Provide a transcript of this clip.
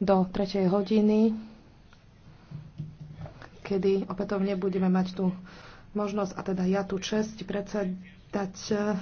do 3. hodiny, kedy opätovne budeme mať tú možnosť, a teda ja tú čest predsedať